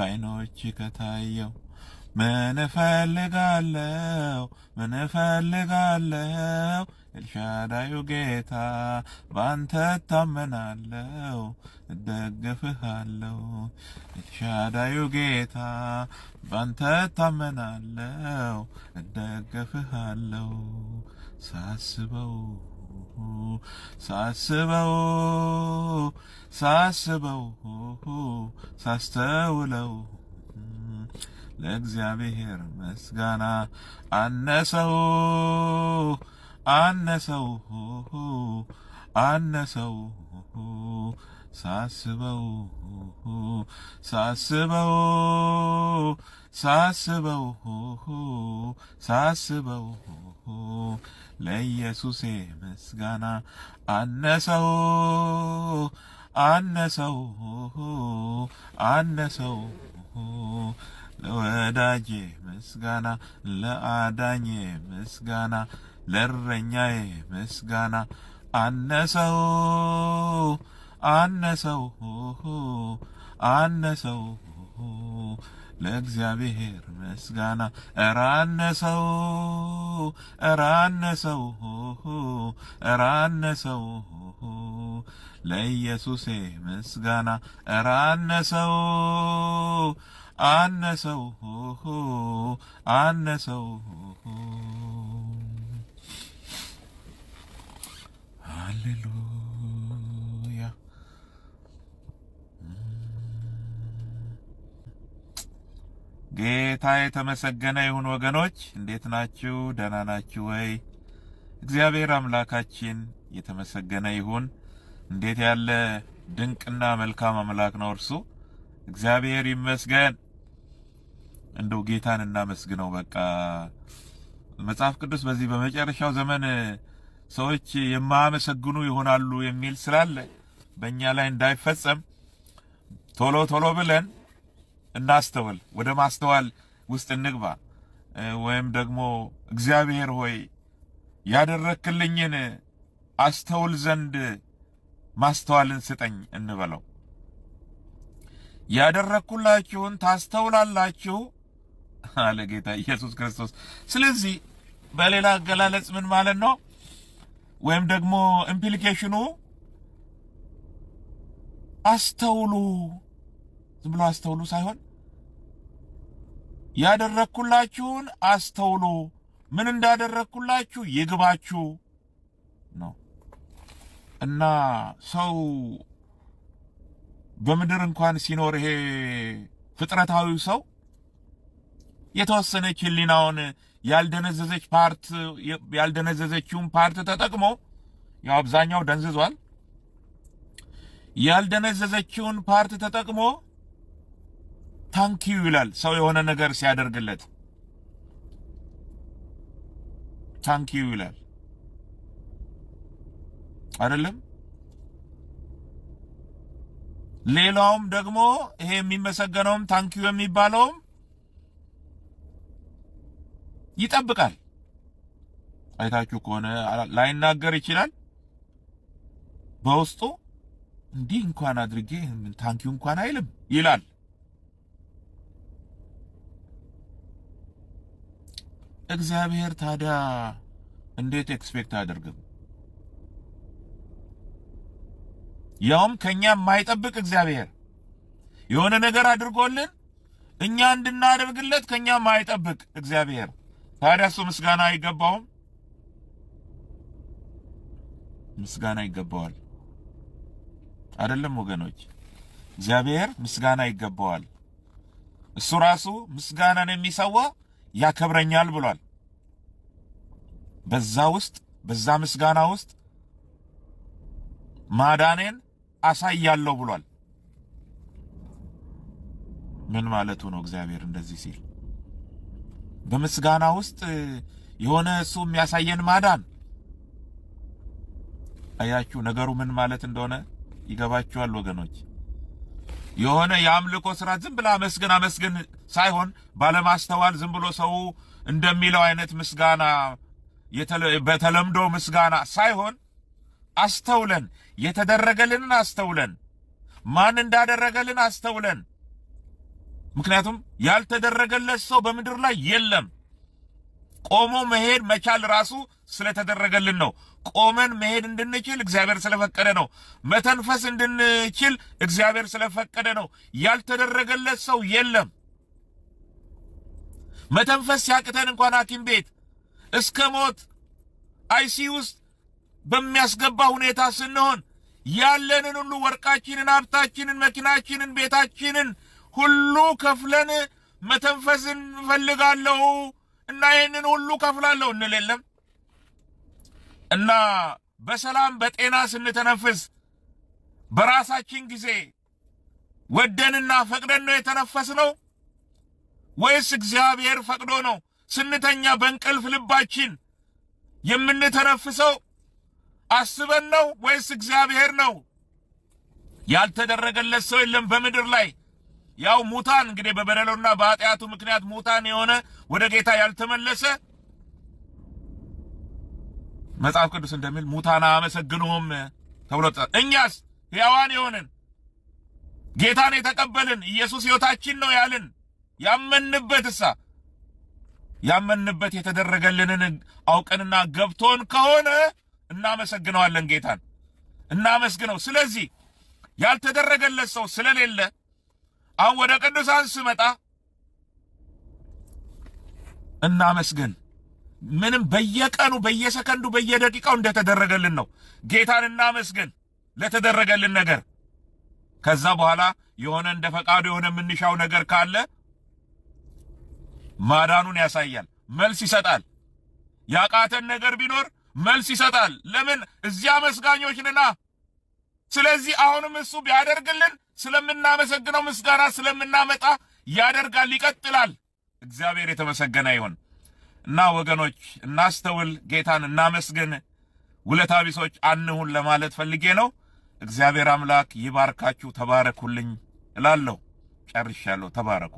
በዓይኖች ከታየው ምን እፈልጋለሁ ምን እፈልጋለሁ ኤልሻዳዩ ጌታ ባንተ ታመናለው እደግፍሃለው ኤልሻዳዩ ጌታ ባንተ ታመናለው እደግፍሃለው ሳስበው ሳስበው ሳስበው ሳስተውለው ለእግዚአብሔር ምስጋና አነሰው አነሰው አነሰው ሳስበው ሳስበው ሳስበው ሳስበው ለኢየሱሴ ምስጋና አነሰው አነሰው አነሰው ለወዳጄ ምስጋና ለአዳኜ ምስጋና ለእረኛዬ ምስጋና አነሰው አነሰው አነሰው ለእግዚአብሔር ምስጋና እራነሰው እራነሰው እራነሰው ለኢየሱሴ ምስጋና እራነሰው አነሰው አነሰው Halleluja. ጌታ የተመሰገነ ይሁን። ወገኖች እንዴት ናችሁ? ደህና ናችሁ ወይ? እግዚአብሔር አምላካችን የተመሰገነ ይሁን። እንዴት ያለ ድንቅና መልካም አምላክ ነው እርሱ። እግዚአብሔር ይመስገን። እንደው ጌታን እናመስግነው። በቃ መጽሐፍ ቅዱስ በዚህ በመጨረሻው ዘመን ሰዎች የማያመሰግኑ ይሆናሉ የሚል ስላለ በእኛ ላይ እንዳይፈጸም ቶሎ ቶሎ ብለን እናስተውል፣ ወደ ማስተዋል ውስጥ እንግባ። ወይም ደግሞ እግዚአብሔር ሆይ ያደረክልኝን አስተውል ዘንድ ማስተዋልን ስጠኝ እንበለው። ያደረግኩላችሁን ታስተውላላችሁ አለ ጌታ ኢየሱስ ክርስቶስ። ስለዚህ በሌላ አገላለጽ ምን ማለት ነው? ወይም ደግሞ ኢምፕሊኬሽኑ አስተውሉ፣ ዝም ብሎ አስተውሉ ሳይሆን ያደረግኩላችሁን አስተውሉ፣ ምን እንዳደረግኩላችሁ ይግባችሁ ነው እና ሰው በምድር እንኳን ሲኖር ይሄ ፍጥረታዊው ሰው የተወሰነች ህሊናውን ያልደነዘዘች ፓርት ያልደነዘዘችውን ፓርት ተጠቅሞ ያው አብዛኛው ደንዝዟል። ያልደነዘዘችውን ፓርት ተጠቅሞ ታንኪዩ ይላል። ሰው የሆነ ነገር ሲያደርግለት ታንኪዩ ይላል አይደለም። ሌላውም ደግሞ ይሄ የሚመሰገነውም ታንኪዩ የሚባለውም ይጠብቃል። አይታችሁ ከሆነ ላይናገር ይችላል። በውስጡ እንዲህ እንኳን አድርጌ ታንኪው እንኳን አይልም ይላል። እግዚአብሔር ታዲያ እንዴት ኤክስፔክት አያደርግም? ያውም ከኛ የማይጠብቅ እግዚአብሔር የሆነ ነገር አድርጎልን እኛ እንድናደርግለት ከኛ የማይጠብቅ እግዚአብሔር ታዲያ እሱ ምስጋና አይገባውም? ምስጋና ይገባዋል አይደለም ወገኖች? እግዚአብሔር ምስጋና ይገባዋል። እሱ ራሱ ምስጋናን የሚሰዋ ያከብረኛል ብሏል። በዛ ውስጥ በዛ ምስጋና ውስጥ ማዳኔን አሳያለሁ ብሏል። ምን ማለቱ ነው? እግዚአብሔር እንደዚህ ሲል በምስጋና ውስጥ የሆነ እሱ የሚያሳየን ማዳን። አያችሁ ነገሩ ምን ማለት እንደሆነ ይገባችኋል ወገኖች። የሆነ የአምልኮ ስራ ዝም ብላ አመስግን አመስገን ሳይሆን ባለማስተዋል ዝም ብሎ ሰው እንደሚለው አይነት ምስጋና በተለምዶ ምስጋና ሳይሆን አስተውለን የተደረገልንን አስተውለን ማን እንዳደረገልን አስተውለን ምክንያቱም ያልተደረገለት ሰው በምድር ላይ የለም። ቆሞ መሄድ መቻል ራሱ ስለተደረገልን ነው። ቆመን መሄድ እንድንችል እግዚአብሔር ስለፈቀደ ነው። መተንፈስ እንድንችል እግዚአብሔር ስለፈቀደ ነው። ያልተደረገለት ሰው የለም። መተንፈስ ሲያቅተን እንኳን ሐኪም ቤት እስከ ሞት አይሲ ውስጥ በሚያስገባ ሁኔታ ስንሆን ያለንን ሁሉ ወርቃችንን፣ ሀብታችንን፣ መኪናችንን፣ ቤታችንን ሁሉ ከፍለን መተንፈስ እንፈልጋለሁ እና ይህንን ሁሉ ከፍላለሁ እንል የለም እና በሰላም በጤና ስንተነፍስ በራሳችን ጊዜ ወደንና ፈቅደን ነው የተነፈስ ነው። ወይስ እግዚአብሔር ፈቅዶ ነው? ስንተኛ በእንቅልፍ ልባችን የምንተነፍሰው አስበን ነው ወይስ እግዚአብሔር ነው? ያልተደረገለት ሰው የለም በምድር ላይ። ያው ሙታን እንግዲህ በበደለውና በኃጢአቱ ምክንያት ሙታን የሆነ ወደ ጌታ ያልተመለሰ መጽሐፍ ቅዱስ እንደሚል ሙታን አመሰግኑም ተብሎ እኛስ ሕያዋን የሆንን ጌታን የተቀበልን ኢየሱስ ሕይወታችን ነው ያልን ያመንበት እሳ ያመንበት የተደረገልንን አውቀንና ገብቶን ከሆነ እናመሰግነዋለን ጌታን እናመስግነው። ስለዚህ ያልተደረገለት ሰው ስለሌለ አሁን ወደ ቅዱሳን ስመጣ እናመስገን። ምንም በየቀኑ በየሰከንዱ በየደቂቃው እንደተደረገልን ነው። ጌታን እናመስገን ለተደረገልን ነገር። ከዛ በኋላ የሆነ እንደ ፈቃዱ የሆነ የምንሻው ነገር ካለ ማዳኑን ያሳያል፣ መልስ ይሰጣል። ያቃተን ነገር ቢኖር መልስ ይሰጣል። ለምን? እዚያ አመስጋኞች ነና። ስለዚህ አሁንም እሱ ቢያደርግልን ስለምናመሰግነው ምስጋና ስለምናመጣ ያደርጋል፣ ይቀጥላል። እግዚአብሔር የተመሰገነ ይሁን እና ወገኖች እናስተውል፣ ጌታን እናመስግን፣ ውለታ ቢሶች አንሁን ለማለት ፈልጌ ነው። እግዚአብሔር አምላክ ይባርካችሁ። ተባረኩልኝ እላለሁ። ጨርሻለሁ። ተባረኩ።